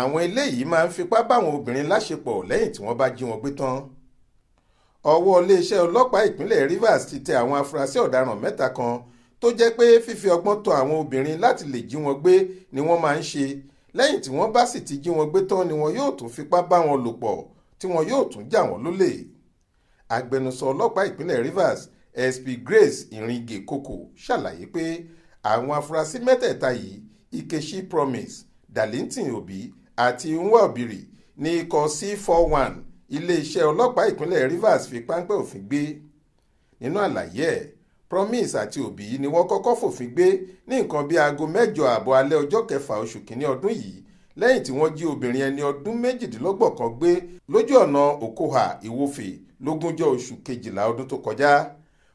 àwọn eléyìí máa ń fipá báwọn obìnrin láṣepọ̀ lẹ́yìn tí wọ́n bá jí wọn gbé tán ọwọ́ iléeṣẹ́ ọlọ́pàá ìpínlẹ̀ Rivers ti tẹ àwọn afurasí ọ̀daràn mẹ́ta kan tó jẹ́ pé fífi ọgbọ́n tọ àwọn obìnrin láti lè jí wọn gbé ni wọ́n máa ń ṣe lẹ́yìn tí wọ́n bá sì ti jí wọn gbé tán ni wọn yóò tún fipá bá wọn lò pọ̀ tí wọn yóò tún jà wọ́n lólè agbẹnusọ ọlọ́pàá ìpínlẹ̀ Rivers SP Grace Iringe Koko ṣàlàyé pé àwọn afurasí mẹ́tẹ̀ẹ̀ta yìí Ikechi Promise darlington obi àti nwa obìrì ní ikọ̀ c four one iléeṣẹ́ ọlọ́pàá ìpínlẹ̀ rivers fi páńpẹ́ òfin gbé nínú àlàyé ẹ̀ promise àti òbí ni wọ́n kọ́kọ́ fòfin gbé ní nǹkan bíi aago mẹ́jọ ààbọ̀ alẹ́ ọjọ́ kẹfà oṣù kínní ọdún yìí lẹ́yìn tí wọ́n jí obìnrin ẹni ọdún méjìdínlọ́gbọ̀n kan gbé lójú ọ̀nà okoha ìwòfè lógúnjọ́ oṣù kejìlá ọdún tó kọjá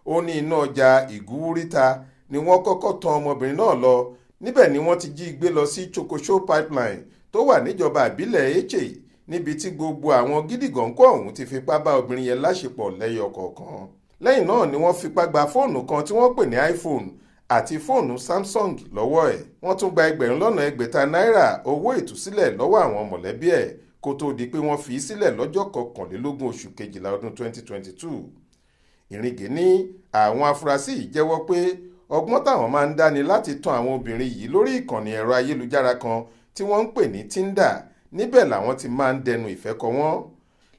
ó ní iná ọjà ìgúwúríta ni wọ́n kọ́kọ́ tan ọmọbìnrin náà lọ níbẹ̀ ni wọ́n ti jí i gbé lọ sí Chokosho pipeline tó wà níjọba ìbílẹ̀ Eche níbi tí gbogbo àwọn gídígànkọ́ ọ̀hún ti fipá bá obìnrin yẹn láṣepọ̀ lẹ́yọ kọ̀ọ̀kan lẹ́yìn náà ni wọ́n fipá gba fóònù kan tí wọ́n pè ní iPhone àti fóònù Samsung lọ́wọ́ ẹ̀ wọ́n tún gba ẹgbẹ̀rún lọ́nà ẹgbẹ̀ta náírà owó ìtúsílẹ̀ lọ́wọ́ àwọn mọ̀lẹ́bí ẹ̀ kó tó di pé wọ́n fi í sílẹ̀ lọ́jọ́ kọkànlélógún oṣù kejìlá ọdún 2022 ìrìngè ní àwọn afurasí yìí jẹ́wọ́ pé ọgbọ́n táwọn máa ń dá ni láti tan àwọn obìnrin yìí lórí ìkànnì ẹ̀rọ ayélujára kan tí wọ́n ń pè ní Tinder níbẹ̀ làwọn ti máa ń dẹnu ìfẹ́ kọ wọ́n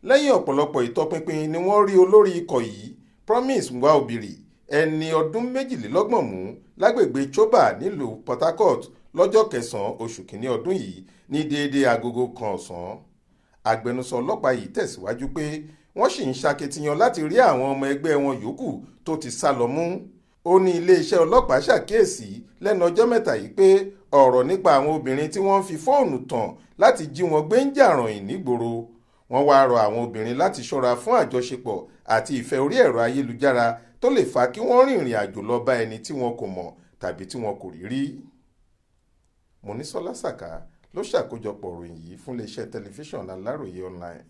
lẹ́yìn ọ̀pọ̀lọpọ̀ ìtọpinpin ni wọ́n rí olórí ikọ̀ yìí Promise Nwaobiri ẹni ọdún méjìlélọ́gbọ̀n mú lágbègbè Choba nílùú Port Harcourt lọ́jọ́ kẹsàn-án oṣù kìíní ọdún yìí ní déédéé agogo kan ọ̀sán agbẹnusọ ọlọ́pàá yìí tẹ̀síwájú pé wọ́n sì ń ṣakitiyan láti rí àwọn ọmọ ẹgbẹ́ wọn yòókù tó ti sá lọ mú ó ní iléeṣẹ́ ọlọ́pàá ṣàkíyèsí lẹ́nu ọjọ́ mẹ́ta yìí pé ọ̀rọ̀ nípa àwọn obìnrin tí wọ́n ń fi fóònù tàn láti jí wọn gbé ń jà rànyìn nígboro wọ́n wá rọ àwọn obìnrin láti ṣọ́ra fún àjọṣepọ̀ àti ìfẹ́ orí ẹ̀rọ ayélujára tó lè fa kí wọ́n rìnrìn àjò lọ bá ẹni tí wọn kò mọ̀ tàbí tí wọn kò rí rí. Monísọ́lá Sàká ló ṣàkójọpọ̀ ìròyìn yìí fún iléeṣẹ́ tẹlifíṣàn Aláròye online.